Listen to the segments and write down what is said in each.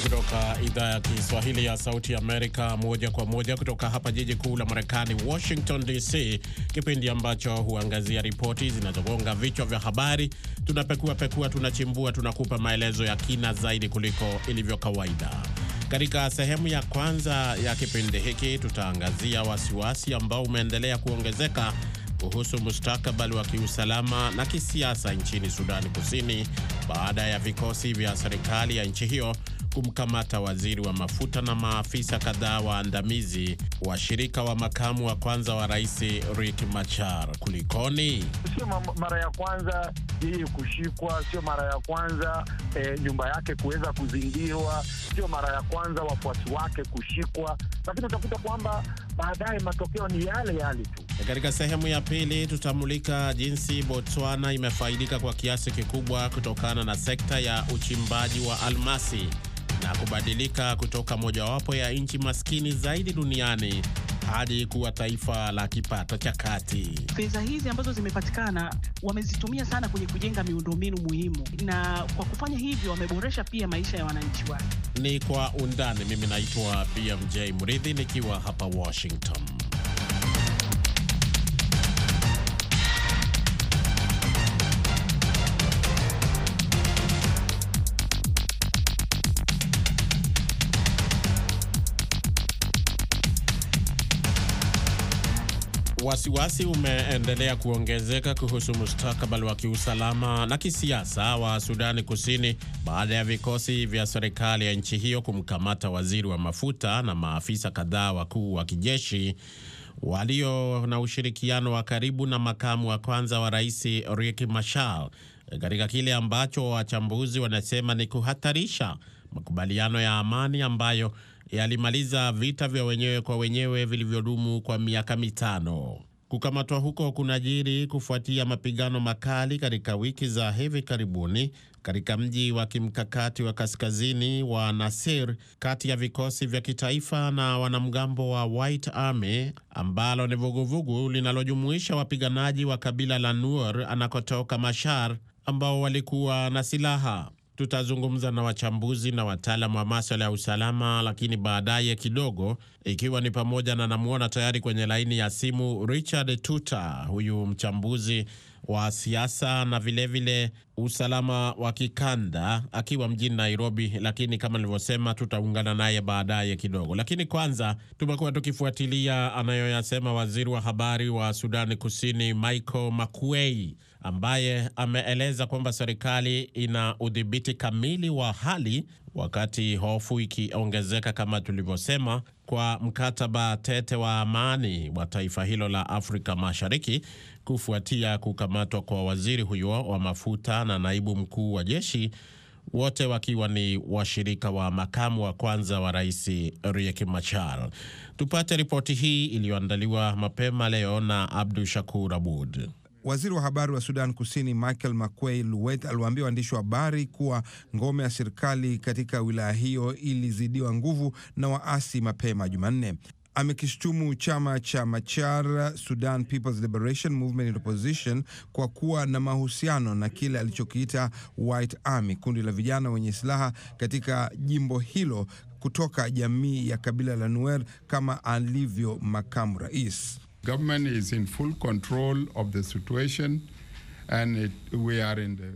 kutoka idhaa ya Kiswahili ya Sauti Amerika, moja kwa moja kutoka hapa jiji kuu la Marekani, Washington DC, kipindi ambacho huangazia ripoti zinazogonga vichwa vya habari. Tunapekua pekua, tunachimbua, tunakupa maelezo ya kina zaidi kuliko ilivyo kawaida. Katika sehemu ya kwanza ya kipindi hiki, tutaangazia wasiwasi ambao umeendelea kuongezeka kuhusu mustakabali wa kiusalama na kisiasa nchini Sudani Kusini baada ya vikosi vya serikali ya nchi hiyo kumkamata waziri wa mafuta na maafisa kadhaa waandamizi washirika wa makamu wa kwanza wa rais Riek Machar. Kulikoni? Sio mara ya kwanza yeye kushikwa sio mara ya kwanza, e, nyumba yake kuweza kuzingirwa sio mara ya kwanza, wafuasi wake kushikwa, lakini utakuta kwamba baadaye matokeo ni yale yale tu. E, katika sehemu ya pili tutamulika jinsi Botswana imefaidika kwa kiasi kikubwa kutokana na sekta ya uchimbaji wa almasi na kubadilika kutoka mojawapo ya nchi maskini zaidi duniani hadi kuwa taifa la kipato cha kati. Fedha hizi ambazo zimepatikana wamezitumia sana kwenye kujenga miundombinu muhimu, na kwa kufanya hivyo wameboresha pia maisha ya wananchi wake. Ni kwa undani. Mimi naitwa BMJ Mridhi nikiwa hapa Washington. Wasiwasi umeendelea kuongezeka kuhusu mustakabali wa kiusalama na kisiasa wa Sudani Kusini baada ya vikosi vya serikali ya nchi hiyo kumkamata waziri wa mafuta na maafisa kadhaa wakuu wa kijeshi walio na ushirikiano wa karibu na makamu wa kwanza wa rais Riek Machar katika kile ambacho wachambuzi wanasema ni kuhatarisha makubaliano ya amani ambayo yalimaliza vita vya wenyewe kwa wenyewe vilivyodumu kwa miaka mitano. Kukamatwa huko kunajiri kufuatia mapigano makali katika wiki za hivi karibuni katika mji wa kimkakati wa kaskazini wa Nasir kati ya vikosi vya kitaifa na wanamgambo wa White Army ambalo ni vuguvugu linalojumuisha wapiganaji wa kabila la Nuer anakotoka Mashar ambao walikuwa na silaha tutazungumza na wachambuzi na wataalamu wa maswala ya usalama, lakini baadaye kidogo, ikiwa ni pamoja na namwona tayari kwenye laini ya simu Richard Tuta, huyu mchambuzi wa siasa na vilevile vile usalama wa kikanda akiwa mjini Nairobi, lakini kama nilivyosema, tutaungana naye baadaye kidogo. Lakini kwanza tumekuwa tukifuatilia anayoyasema waziri wa habari wa Sudani Kusini Michael Makuei ambaye ameeleza kwamba serikali ina udhibiti kamili wa hali, wakati hofu ikiongezeka kama tulivyosema, kwa mkataba tete wa amani wa taifa hilo la Afrika Mashariki kufuatia kukamatwa kwa waziri huyo wa mafuta na naibu mkuu wa jeshi wote wakiwa ni washirika wa makamu wa kwanza wa rais Riek Machar. Tupate ripoti hii iliyoandaliwa mapema leo na Abdu Shakur Abud. Waziri wa habari wa Sudan Kusini Michael Makwei Luwet aliwaambia waandishi wa habari kuwa ngome ya serikali katika wilaya hiyo ilizidiwa nguvu na waasi mapema Jumanne. Amekishutumu chama cha Machar Sudan People's Liberation Movement in Opposition kwa kuwa na mahusiano na kile alichokiita White Army, kundi la vijana wenye silaha katika jimbo hilo kutoka jamii ya kabila la Nuer, kama alivyo makamu rais.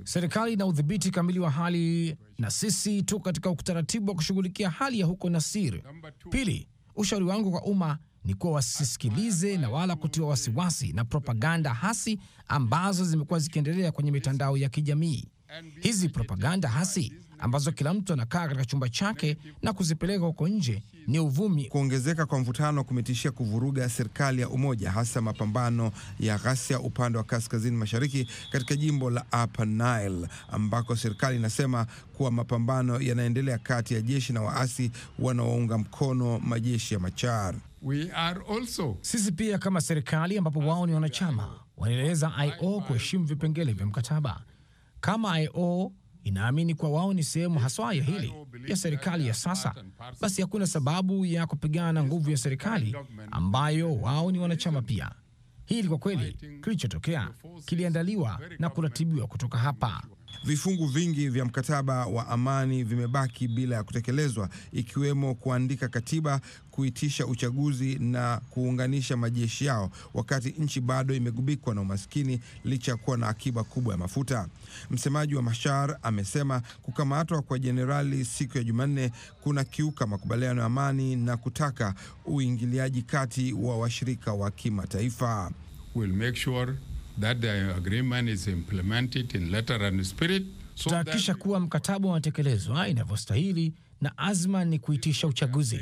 Serikali ina udhibiti kamili wa hali na sisi tu katika utaratibu wa kushughulikia hali ya huko Nasir. Pili, ushauri wangu kwa umma ni kuwa wasisikilize na wala kutiwa wasiwasi na propaganda hasi ambazo zimekuwa zikiendelea kwenye mitandao ya kijamii. Hizi propaganda hasi ambazo kila mtu anakaa katika chumba chake na kuzipeleka huko nje ni uvumi. Kuongezeka kwa mvutano kumetishia kuvuruga serikali ya umoja, hasa mapambano ya ghasia upande wa kaskazini mashariki katika jimbo la Upper Nile ambako serikali inasema kuwa mapambano yanaendelea kati ya jeshi na waasi wanaounga mkono majeshi ya Machar. We are also... sisi pia kama serikali ambapo wao ni wanachama wanaeleza IO kuheshimu vipengele vya mkataba kama IO inaamini kuwa wao ni sehemu haswa ya hili ya serikali ya sasa, basi hakuna sababu ya kupigana na nguvu ya serikali ambayo wao ni wanachama pia. Hili kwa kweli, kilichotokea kiliandaliwa na kuratibiwa kutoka hapa. Vifungu vingi vya mkataba wa amani vimebaki bila ya kutekelezwa, ikiwemo kuandika katiba, kuitisha uchaguzi na kuunganisha majeshi yao, wakati nchi bado imegubikwa na umaskini licha ya kuwa na akiba kubwa ya mafuta. Msemaji wa Mashar amesema kukamatwa kwa jenerali siku ya Jumanne kuna kiuka makubaliano ya amani na kutaka uingiliaji kati wa washirika wa kimataifa. We'll make sure that the agreement is implemented in letter and spirit. So tutahakikisha kuwa mkataba unatekelezwa inavyostahili na azma ni kuitisha uchaguzi.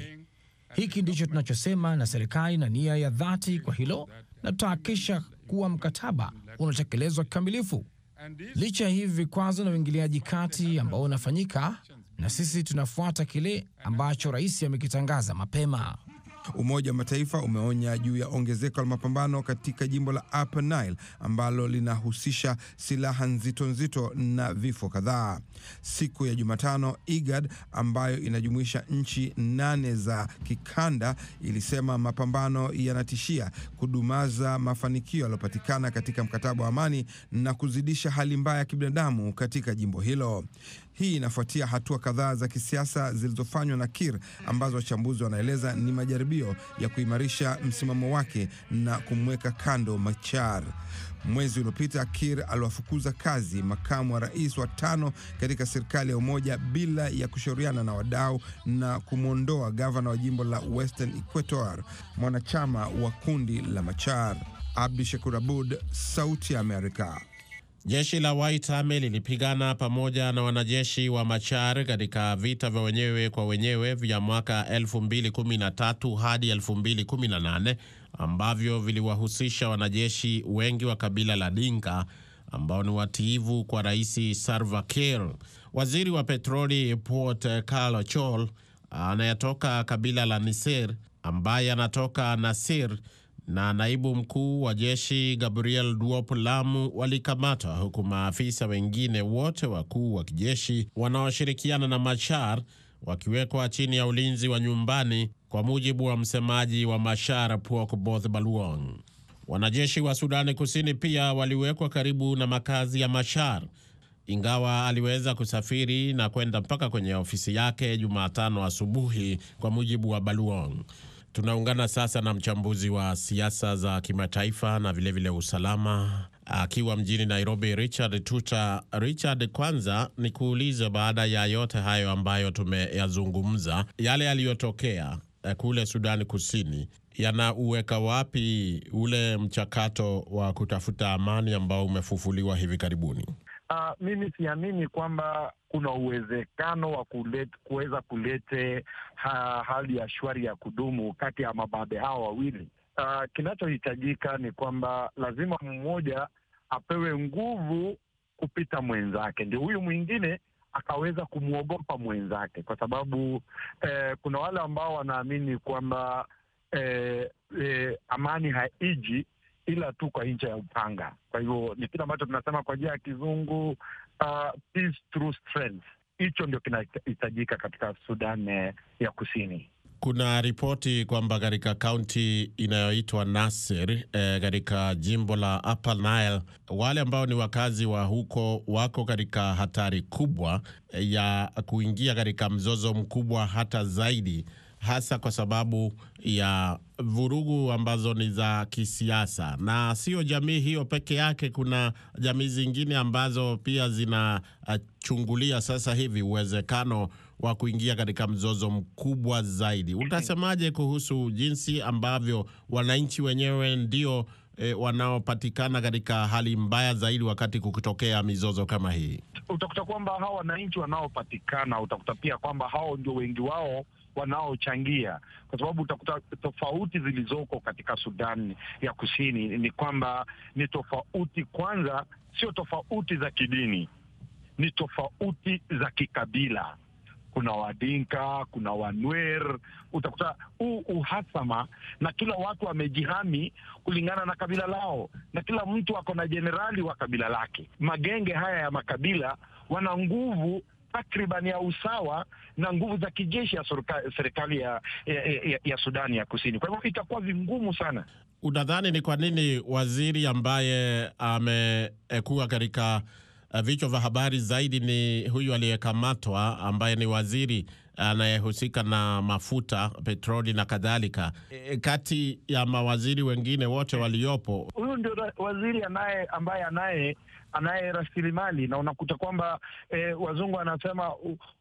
Hiki ndicho tunachosema na serikali na nia ya dhati kwa hilo, na tutahakikisha kuwa mkataba unatekelezwa kikamilifu. Licha ya hivi vikwazo na uingiliaji kati ambao unafanyika, na sisi tunafuata kile ambacho rais amekitangaza mapema. Umoja wa Mataifa umeonya juu ya ongezeko la mapambano katika jimbo la Upper Nile ambalo linahusisha silaha nzito nzito na vifo kadhaa. Siku ya Jumatano, IGAD ambayo inajumuisha nchi nane za kikanda ilisema mapambano yanatishia kudumaza mafanikio yaliyopatikana katika mkataba wa amani na kuzidisha hali mbaya ya kibinadamu katika jimbo hilo. Hii inafuatia hatua kadhaa za kisiasa zilizofanywa na kir ambazo wachambuzi wanaeleza ni majaribio ya kuimarisha msimamo wake na kumweka kando Machar. Mwezi uliopita kir aliwafukuza kazi makamu wa rais wa tano katika serikali ya umoja bila ya kushauriana na wadau na kumwondoa gavana wa jimbo la Western Equator, mwanachama wa kundi la Machar. Abdi Shakur Abud, Sauti ya Amerika. Jeshi la White Army lilipigana pamoja na wanajeshi wa Machar katika vita vya wenyewe kwa wenyewe vya mwaka 2013 hadi 2018 ambavyo viliwahusisha wanajeshi wengi wa kabila la Dinka ambao ni watiivu kwa Rais Salva Kiir. Waziri wa petroli Port Carlo Chol anayetoka kabila la Nisir ambaye anatoka Nasir na naibu mkuu wa jeshi Gabriel Duop Lamu walikamatwa huku maafisa wengine wote wakuu wa kijeshi wanaoshirikiana na Machar wakiwekwa chini ya ulinzi wa nyumbani kwa mujibu wa msemaji wa Machar both Baluong. Wanajeshi wa Sudani Kusini pia waliwekwa karibu na makazi ya Machar ingawa aliweza kusafiri na kwenda mpaka kwenye ofisi yake Jumatano asubuhi kwa mujibu wa Baluong. Tunaungana sasa na mchambuzi wa siasa za kimataifa na vilevile vile usalama akiwa mjini Nairobi, Richard Tuta. Richard, kwanza ni kuulize, baada ya yote hayo ambayo tumeyazungumza, yale yaliyotokea eh, kule Sudani Kusini yanauweka wapi ule mchakato wa kutafuta amani ambao umefufuliwa hivi karibuni? Uh, mimi siamini kwamba kuna uwezekano wa kuweza kulete ha, hali ya shwari ya kudumu kati ya mababe hao wawili. Uh, kinachohitajika ni kwamba lazima mmoja apewe nguvu kupita mwenzake, ndio huyu mwingine akaweza kumwogopa mwenzake, kwa sababu eh, kuna wale ambao wanaamini kwamba eh, eh, amani haiji ila tu kwa ncha ya upanga. Kwa hivyo ni kile ambacho tunasema kwa njia ya kizungu uh, peace through strength. Hicho ndio kinahitajika katika Sudan eh, ya Kusini. Kuna ripoti kwamba katika kaunti inayoitwa Nasir eh, katika eh, jimbo la Upper Nile wale ambao ni wakazi wa huko wako katika hatari kubwa eh, ya kuingia katika mzozo mkubwa hata zaidi hasa kwa sababu ya vurugu ambazo ni za kisiasa, na sio jamii hiyo peke yake. Kuna jamii zingine ambazo pia zinachungulia sasa hivi uwezekano wa kuingia katika mzozo mkubwa zaidi. Utasemaje kuhusu jinsi ambavyo wananchi wenyewe ndio E, wanaopatikana katika hali mbaya zaidi wakati kukitokea mizozo kama hii? Utakuta kwamba hao wananchi wanaopatikana, utakuta pia kwamba hao ndio wengi wao wanaochangia, kwa sababu utakuta tofauti zilizoko katika Sudan ya Kusini ni kwamba ni tofauti kwanza, sio tofauti za kidini, ni tofauti za kikabila. Kuna Wadinka, kuna Wanwer. Utakuta huu uhasama, na kila watu wamejihami kulingana na kabila lao, na kila mtu ako na jenerali wa kabila lake. Magenge haya ya makabila wana nguvu takriban ya usawa na nguvu za kijeshi ya serikali ya, ya, ya, ya Sudani ya Kusini. Kwa hivyo itakuwa vingumu sana. Unadhani ni kwa nini waziri ambaye amekuwa katika eh, vichwa vya habari zaidi ni huyu aliyekamatwa ambaye ni waziri anayehusika na mafuta, petroli na kadhalika, e, e, kati ya mawaziri wengine wote waliopo, huyu ndio waziri anaye ambaye anaye anaye rasilimali na unakuta kwamba eh, wazungu anasema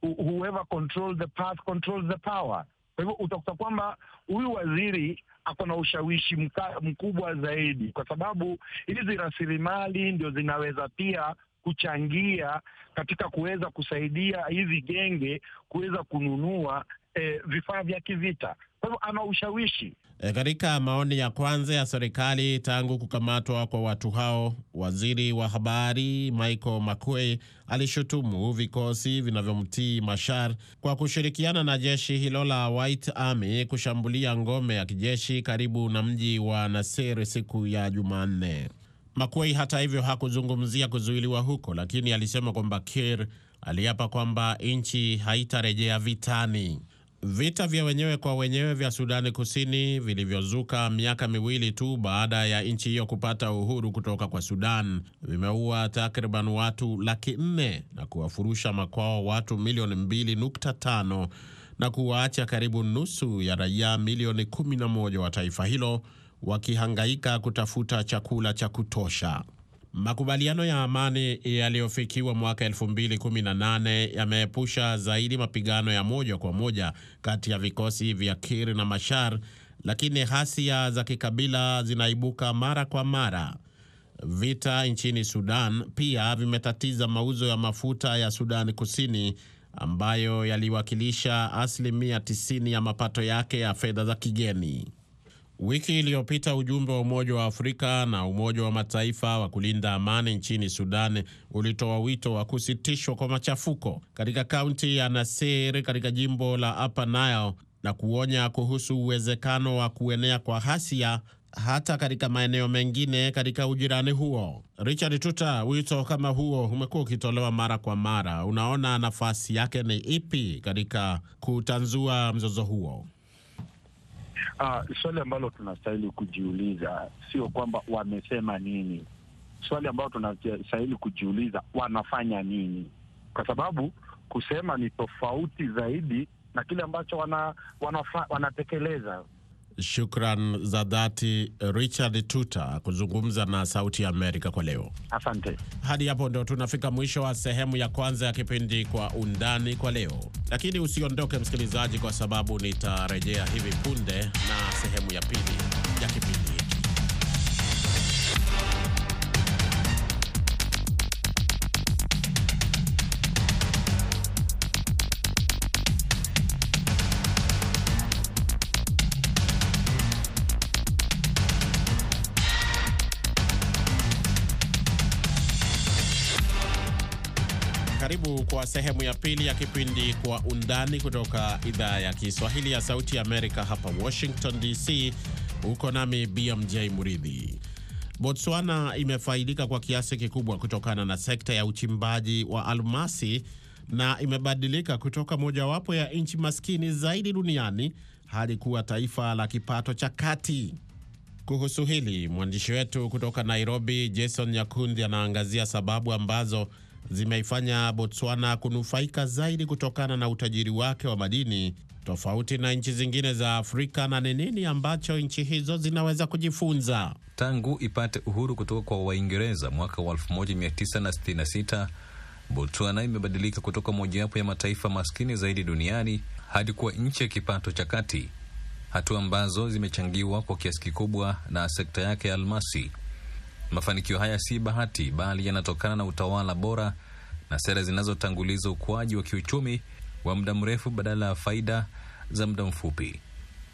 whoever control the path controls the power. Kwa hivyo utakuta kwamba huyu waziri ako na ushawishi mkubwa zaidi, kwa sababu hizi rasilimali ndio zinaweza pia kuchangia katika kuweza kusaidia hizi genge kuweza kununua e, vifaa vya kivita. Kwa hivyo ana ushawishi e. Katika maoni ya kwanza ya serikali tangu kukamatwa kwa watu hao, waziri wa habari Michael Makuei alishutumu vikosi vinavyomtii Mashar kwa kushirikiana na jeshi hilo la White Army kushambulia ngome ya kijeshi karibu na mji wa Nasir siku ya Jumanne. Makwei hata hivyo hakuzungumzia kuzuiliwa huko, lakini alisema kwamba kir aliapa kwamba nchi haitarejea vitani. Vita vya wenyewe kwa wenyewe vya Sudani Kusini vilivyozuka miaka miwili tu baada ya nchi hiyo kupata uhuru kutoka kwa Sudan vimeua takriban watu laki nne na kuwafurusha makwao watu milioni mbili nukta tano na kuwaacha karibu nusu ya raia milioni kumi na moja wa taifa hilo wakihangaika kutafuta chakula cha kutosha. Makubaliano ya amani yaliyofikiwa mwaka 2018 yameepusha zaidi mapigano ya moja kwa moja kati ya vikosi vya Kir na Mashar, lakini ghasia za kikabila zinaibuka mara kwa mara. Vita nchini Sudan pia vimetatiza mauzo ya mafuta ya Sudan Kusini ambayo yaliwakilisha asilimia 90 ya mapato yake ya fedha za kigeni. Wiki iliyopita ujumbe wa Umoja wa Afrika na Umoja wa Mataifa wa kulinda amani nchini Sudan ulitoa wito wa kusitishwa kwa machafuko katika kaunti ya Nasir katika jimbo la Upper Nile na kuonya kuhusu uwezekano wa kuenea kwa hasia hata katika maeneo mengine katika ujirani huo. Richard Tuta, wito kama huo umekuwa ukitolewa mara kwa mara, unaona nafasi yake ni ipi katika kutanzua mzozo huo? Uh, swali ambalo tunastahili kujiuliza sio kwamba wamesema nini, swali ambalo tunastahili kujiuliza wanafanya nini, kwa sababu kusema ni tofauti zaidi na kile ambacho wana, wanafa, wanatekeleza. Shukran za dhati Richard Tuta kuzungumza na Sauti ya Amerika kwa leo. Asante. Hadi hapo ndo tunafika mwisho wa sehemu ya kwanza ya kipindi Kwa Undani kwa leo, lakini usiondoke msikilizaji, kwa sababu nitarejea hivi punde na sehemu ya pili ya kipindi. kwa sehemu ya pili ya kipindi Kwa Undani kutoka idhaa ya Kiswahili ya Sauti Amerika hapa Washington DC. Huko nami BMJ Muridhi. Botswana imefaidika kwa kiasi kikubwa kutokana na sekta ya uchimbaji wa almasi na imebadilika kutoka mojawapo ya nchi maskini zaidi duniani hadi kuwa taifa la kipato cha kati. Kuhusu hili mwandishi wetu kutoka Nairobi, Jason Nyakundi, anaangazia sababu ambazo zimeifanya Botswana kunufaika zaidi kutokana na utajiri wake wa madini tofauti na nchi zingine za Afrika, na ni nini ambacho nchi hizo zinaweza kujifunza? Tangu ipate uhuru kutoka kwa Waingereza mwaka wa 1966 Botswana imebadilika kutoka mojawapo ya mataifa maskini zaidi duniani hadi kuwa nchi ya kipato cha kati, hatua ambazo zimechangiwa kwa kiasi kikubwa na sekta yake ya almasi Mafanikio haya si bahati, bali yanatokana na utawala bora na sera zinazotanguliza ukuaji wa kiuchumi wa muda mrefu badala ya faida za muda mfupi.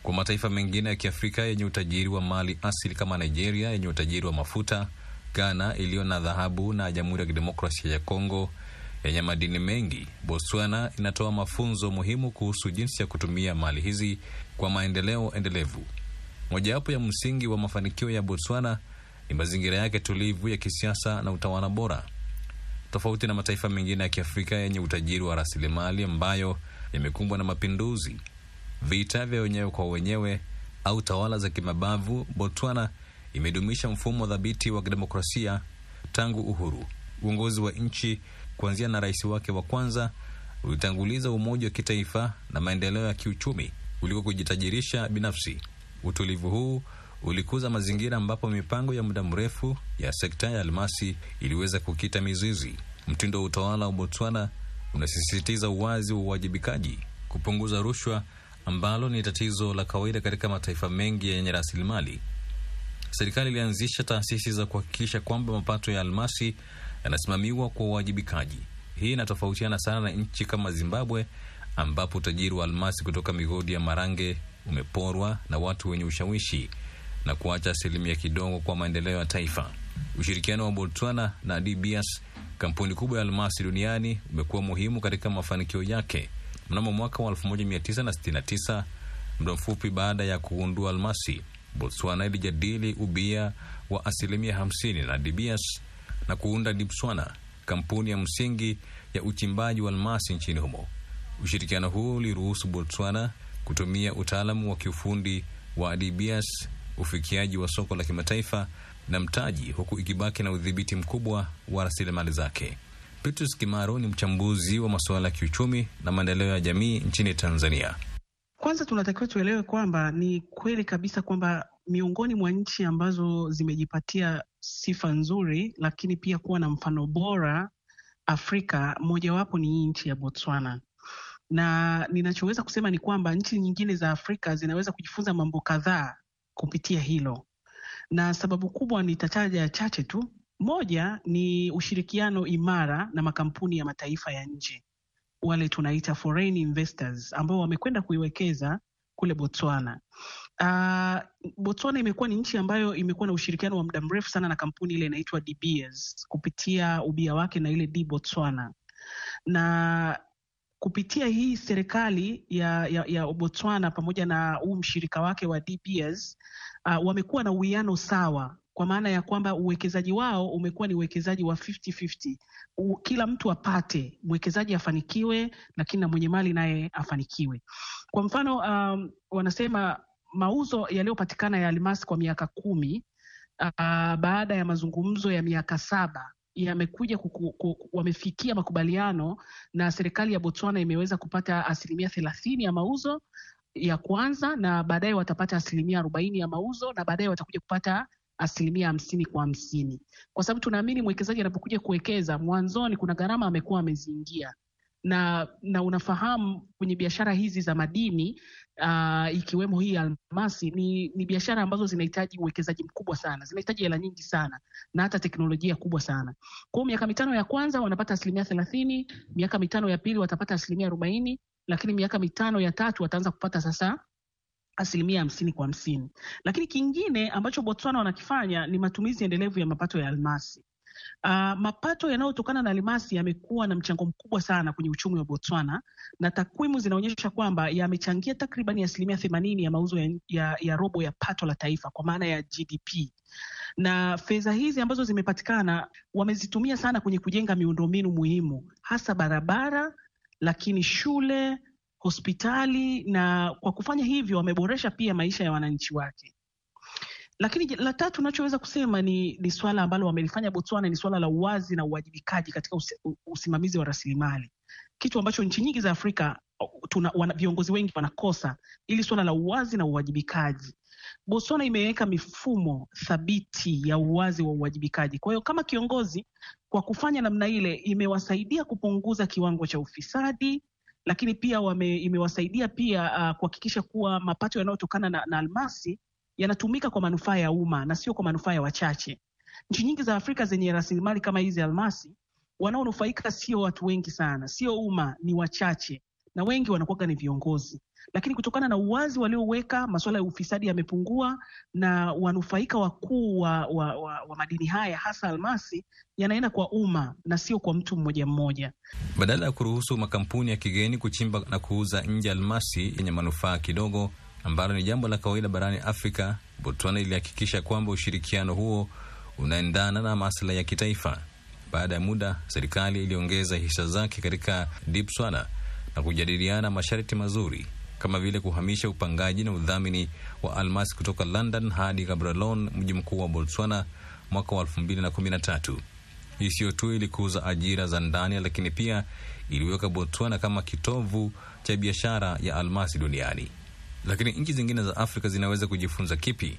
Kwa mataifa mengine ya Kiafrika yenye utajiri wa mali asili kama Nigeria yenye utajiri wa mafuta, Ghana iliyo na dhahabu na Jamhuri ya Kidemokrasia ya Kongo yenye madini mengi, Botswana inatoa mafunzo muhimu kuhusu jinsi ya kutumia mali hizi kwa maendeleo endelevu. Mojawapo ya msingi wa mafanikio ya Botswana ni mazingira yake tulivu ya kisiasa na utawala bora, tofauti na mataifa mengine ya Kiafrika yenye utajiri wa rasilimali ambayo yamekumbwa na mapinduzi, vita vya wenyewe kwa wenyewe au tawala za kimabavu. Botswana imedumisha mfumo dhabiti wa demokrasia tangu uhuru. Uongozi wa nchi kuanzia na rais wake wa kwanza ulitanguliza umoja wa kitaifa na maendeleo ya kiuchumi kuliko kujitajirisha binafsi. Utulivu huu ulikuza mazingira ambapo mipango ya muda mrefu ya sekta ya almasi iliweza kukita mizizi. Mtindo wa utawala wa Botswana unasisitiza uwazi wa uwajibikaji, kupunguza rushwa ambalo ni tatizo la kawaida katika mataifa mengi yenye rasilimali. Serikali ilianzisha taasisi za kuhakikisha kwamba mapato ya almasi yanasimamiwa kwa uwajibikaji. Hii inatofautiana sana na nchi kama Zimbabwe ambapo utajiri wa almasi kutoka migodi ya Marange umeporwa na watu wenye ushawishi na kuacha asilimia kidogo kwa maendeleo ya taifa. Ushirikiano wa Botswana na DBS, kampuni kubwa ya almasi duniani, umekuwa muhimu katika mafanikio yake. Mnamo mwaka wa 1969 muda mfupi baada ya kugundua almasi, Botswana ilijadili ubia wa asilimia 50 na DBS na kuunda Dipswana, kampuni ya msingi ya uchimbaji wa almasi nchini humo. Ushirikiano huu uliruhusu Botswana kutumia utaalamu wa kiufundi wa DBS ufikiaji wa soko la kimataifa na mtaji, huku ikibaki na udhibiti mkubwa wa rasilimali zake. Petrus Kimaro ni mchambuzi wa masuala ya kiuchumi na maendeleo ya jamii nchini Tanzania. Kwanza tunatakiwa tuelewe kwamba ni kweli kabisa kwamba miongoni mwa nchi ambazo zimejipatia sifa nzuri, lakini pia kuwa na mfano bora Afrika, mojawapo ni hii nchi ya Botswana na ninachoweza kusema ni kwamba nchi nyingine za Afrika zinaweza kujifunza mambo kadhaa kupitia hilo, na sababu kubwa nitataja chache tu. Moja ni ushirikiano imara na makampuni ya mataifa ya nje, wale tunaita foreign investors ambao wamekwenda kuiwekeza kule Botswana. Uh, Botswana imekuwa ni nchi ambayo imekuwa na ushirikiano wa muda mrefu sana na kampuni ile inaitwa De Beers kupitia ubia wake na ile D Botswana na kupitia hii serikali ya, ya, ya Botswana pamoja na huu mshirika wake wa De uh, wamekuwa na uwiano sawa kwa maana ya kwamba uwekezaji wao umekuwa ni uwekezaji wa 50-50. kila mtu apate, mwekezaji afanikiwe, lakini na mwenye mali naye afanikiwe. Kwa mfano um, wanasema mauzo yaliyopatikana ya almasi kwa miaka kumi uh, baada ya mazungumzo ya miaka saba yamekuja wamefikia makubaliano na serikali ya Botswana imeweza kupata asilimia thelathini ya mauzo ya kwanza na baadaye watapata asilimia arobaini ya mauzo na baadaye watakuja kupata asilimia hamsini kwa hamsini, kwa sababu tunaamini mwekezaji anapokuja kuwekeza, mwanzoni kuna gharama amekuwa ameziingia, na, na unafahamu kwenye biashara hizi za madini uh, ikiwemo hii almasi ni, ni biashara ambazo zinahitaji uwekezaji mkubwa sana, zinahitaji hela nyingi sana na hata teknolojia kubwa sana. kwao miaka mitano ya kwanza wanapata asilimia thelathini, miaka mitano ya pili watapata asilimia arobaini, lakini miaka mitano ya tatu wataanza kupata sasa asilimia hamsini kwa hamsini. Lakini kingine ambacho Botswana wanakifanya ni matumizi endelevu ya mapato ya almasi. Uh, mapato yanayotokana na almasi yamekuwa na mchango mkubwa sana kwenye uchumi wa Botswana na takwimu zinaonyesha kwamba yamechangia takriban asilimia themanini ya mauzo ya, ya, ya robo ya pato la taifa kwa maana ya GDP na fedha hizi ambazo zimepatikana wamezitumia sana kwenye kujenga miundombinu muhimu hasa barabara, lakini shule, hospitali na kwa kufanya hivyo wameboresha pia maisha ya wananchi wake. Lakini la tatu unachoweza kusema ni, ni swala ambalo wamelifanya Botswana ni swala la uwazi na uwajibikaji katika usi, usimamizi wa rasilimali, kitu ambacho nchi nyingi za Afrika tuna wana, viongozi wengi wanakosa ili swala la uwazi na uwajibikaji. Botswana imeweka mifumo thabiti ya uwazi wa uwajibikaji. Kwa hiyo kama kiongozi, kwa kufanya namna ile imewasaidia kupunguza kiwango cha ufisadi, lakini pia wame, imewasaidia pia uh, kuhakikisha kuwa mapato yanayotokana na, na almasi yanatumika kwa manufaa ya umma na sio kwa manufaa ya wachache. Nchi nyingi za Afrika zenye rasilimali kama hizi almasi, wanaonufaika sio watu wengi sana, sio umma, ni wachache, na wengi wanakuwaga ni viongozi. Lakini kutokana na uwazi walioweka, masuala ya ufisadi yamepungua, na wanufaika wakuu wa, wa, wa, wa madini haya hasa almasi yanaenda kwa umma na sio kwa mtu mmoja mmoja. Badala ya kuruhusu makampuni ya kigeni kuchimba na kuuza nje almasi yenye manufaa kidogo ambalo ni jambo la kawaida barani Afrika, Botswana ilihakikisha kwamba ushirikiano huo unaendana na maslahi ya kitaifa. Baada ya muda, serikali iliongeza hisa zake katika Dipswana na kujadiliana masharti mazuri kama vile kuhamisha upangaji na udhamini wa almasi kutoka London hadi Gaborone, mji mkuu wa Botswana, mwaka wa 2013. Hii siyo tu ilikuza ajira za ndani, lakini pia iliweka Botswana kama kitovu cha biashara ya almasi duniani. Lakini nchi zingine za Afrika zinaweza kujifunza kipi?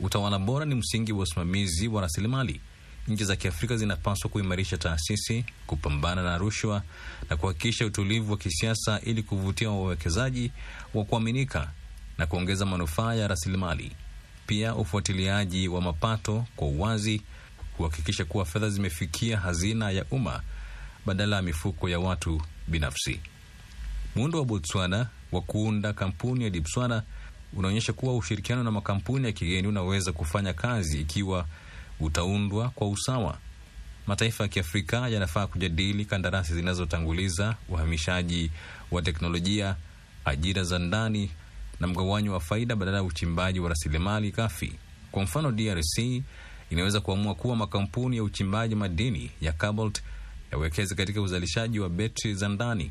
Utawala bora ni msingi wa usimamizi wa rasilimali. Nchi za Kiafrika zinapaswa kuimarisha taasisi, kupambana na rushwa na kuhakikisha utulivu wa kisiasa ili kuvutia wawekezaji wa kuaminika na kuongeza manufaa ya rasilimali. Pia ufuatiliaji wa mapato kwa uwazi, kuhakikisha kuwa fedha zimefikia hazina ya umma badala ya mifuko ya watu binafsi. Muundo wa Botswana wa kuunda kampuni ya Dipswana unaonyesha kuwa ushirikiano na makampuni ya kigeni unaweza kufanya kazi ikiwa utaundwa kwa usawa. Mataifa ya Kiafrika yanafaa kujadili kandarasi zinazotanguliza uhamishaji wa teknolojia, ajira za ndani na mgawanyo wa faida badala ya uchimbaji wa rasilimali kafi. Kwa mfano, DRC inaweza kuamua kuwa makampuni ya uchimbaji madini ya cobalt yawekeze katika uzalishaji wa betri za ndani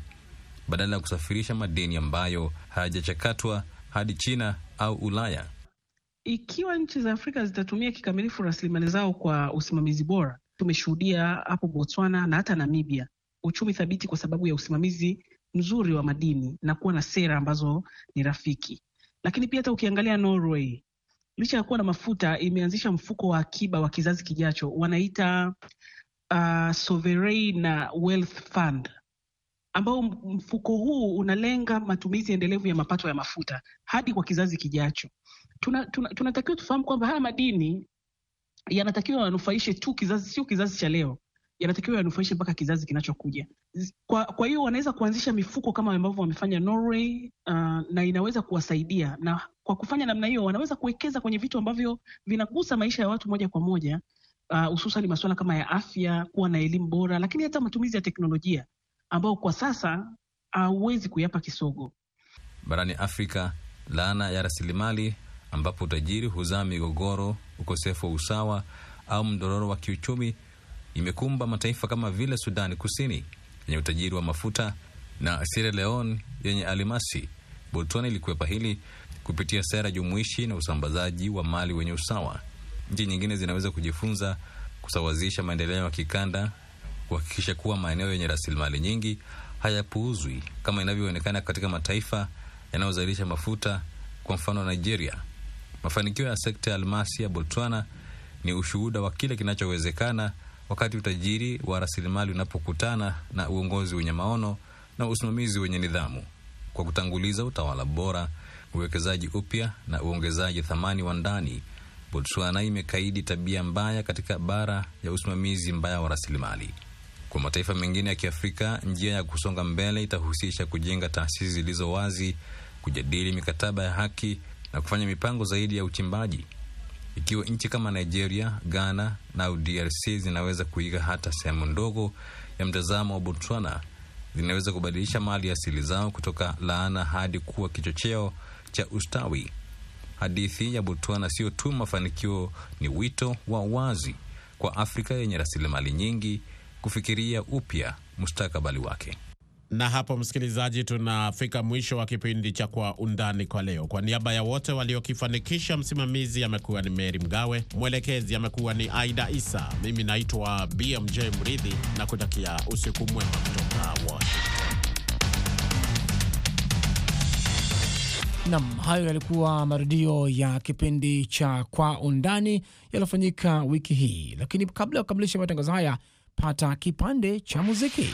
badala ya kusafirisha madini ambayo hayajachakatwa hadi China au Ulaya. Ikiwa nchi za Afrika zitatumia kikamilifu rasilimali zao kwa usimamizi bora, tumeshuhudia hapo Botswana na hata Namibia uchumi thabiti kwa sababu ya usimamizi mzuri wa madini na kuwa na sera ambazo ni rafiki. Lakini pia hata ukiangalia Norway, licha ya kuwa na mafuta, imeanzisha mfuko wa akiba wa kizazi kijacho, wanaita uh, sovereign wealth fund ambao mfuko huu unalenga matumizi endelevu ya mapato ya mafuta hadi kwa kizazi kijacho. Tunatakiwa tuna, tuna tufahamu kwamba haya madini yanatakiwa yanufaishe tu kizazi, sio kizazi cha leo, yanatakiwa yanufaishe mpaka kizazi kinachokuja. Kwa, kwa hiyo wanaweza kuanzisha mifuko kama ambavyo wamefanya Norway, uh, na inaweza kuwasaidia, na kwa kufanya namna hiyo wanaweza kuwekeza kwenye vitu ambavyo vinagusa maisha ya watu moja kwa moja uh, hususan uh, masuala kama ya afya, kuwa na elimu bora, lakini hata matumizi ya teknolojia ambao kwa sasa hauwezi kuyapa kisogo. Barani Afrika, laana ya rasilimali ambapo utajiri huzaa migogoro, ukosefu wa usawa au mdororo wa kiuchumi imekumba mataifa kama vile Sudani Kusini yenye utajiri wa mafuta na Sierra Leone yenye alimasi. Botswana ilikwepa hili kupitia sera jumuishi na usambazaji wa mali wenye usawa. Nchi nyingine zinaweza kujifunza kusawazisha maendeleo ya kikanda kuhakikisha kuwa maeneo yenye rasilimali nyingi hayapuuzwi kama inavyoonekana katika mataifa yanayozalisha mafuta, kwa mfano Nigeria. Mafanikio ya sekta ya almasi ya Botswana ni ushuhuda wa kile kinachowezekana wakati utajiri wa rasilimali unapokutana na uongozi wenye maono na usimamizi wenye nidhamu. Kwa kutanguliza utawala bora, uwekezaji upya na uongezaji thamani wa ndani, Botswana imekaidi tabia mbaya katika bara ya usimamizi mbaya wa rasilimali. Kwa mataifa mengine ya Kiafrika, njia ya kusonga mbele itahusisha kujenga taasisi zilizo wazi, kujadili mikataba ya haki na kufanya mipango zaidi ya uchimbaji. Ikiwa nchi kama Nigeria, Ghana na DRC zinaweza kuiga hata sehemu ndogo ya mtazamo wa Botswana, zinaweza kubadilisha mali asili zao kutoka laana hadi kuwa kichocheo cha ustawi. Hadithi ya Botswana sio tu mafanikio, ni wito wa wazi kwa Afrika yenye rasilimali nyingi kufikiria upya mustakabali wake. Na hapo, msikilizaji, tunafika mwisho wa kipindi cha Kwa Undani kwa leo. Kwa niaba ya wote waliokifanikisha, msimamizi amekuwa ni Meri Mgawe, mwelekezi amekuwa ni Aida Isa, mimi naitwa BMJ Mridhi na kutakia usiku mwema kutoka Washington. Nam, hayo yalikuwa marudio ya kipindi cha Kwa Undani yaliyofanyika wiki hii, lakini kabla ya kukamilisha matangazo haya kupata kipande cha muziki.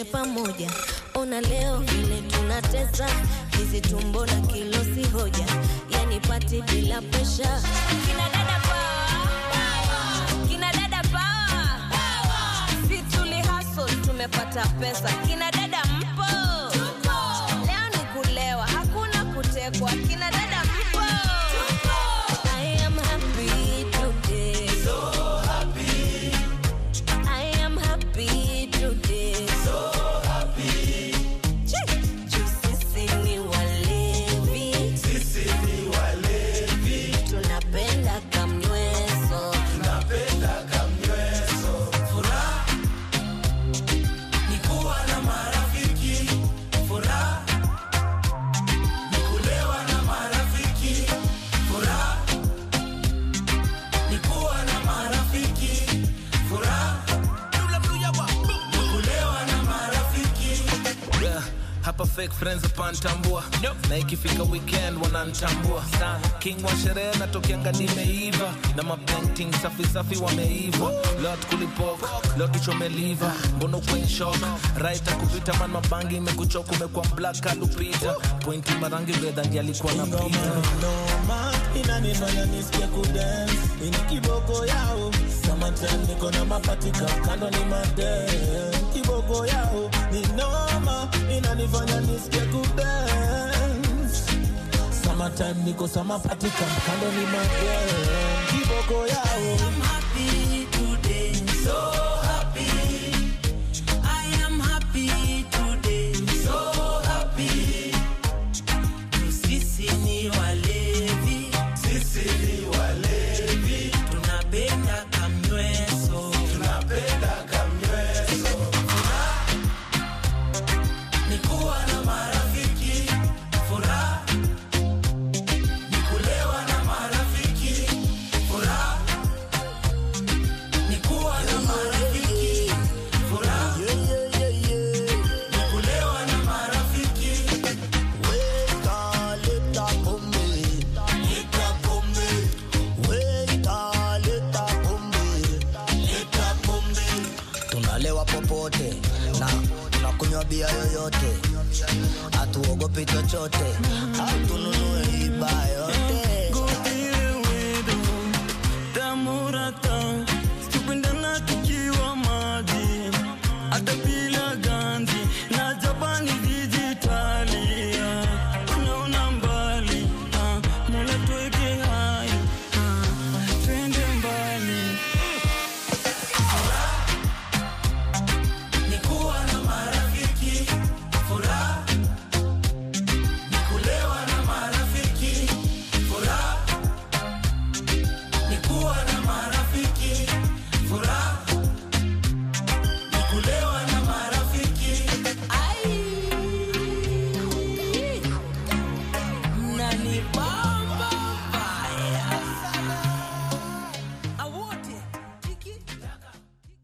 tucheke pamoja. Ona leo vile tunateza, hizi tumbo na kilo si hoja, yani pati bila pesha. Kina dada power, kina dada si tuli hustle tumepata pesa. Kina dada wanantambua nope. na ikifika weekend wanantambua king wa sherehe na tokianga nimeiva na mapainting safi safi wameivwa lot kulipoka lot uchomeliva mbono kwenye shok raita kupita man mabangi imekuchoka umekuwa black alupita pointi marangi vedha ndi alikuwa na pita inanifanya nisikia kudance ina yao samatani kona mapatika kando ni madance kiboko yao ni noma, inanifanya nisikie kudance. Summertime niko sama party kando ni magwe kiboko yao yoyote, hatuogopi chochote, hatununue iba yote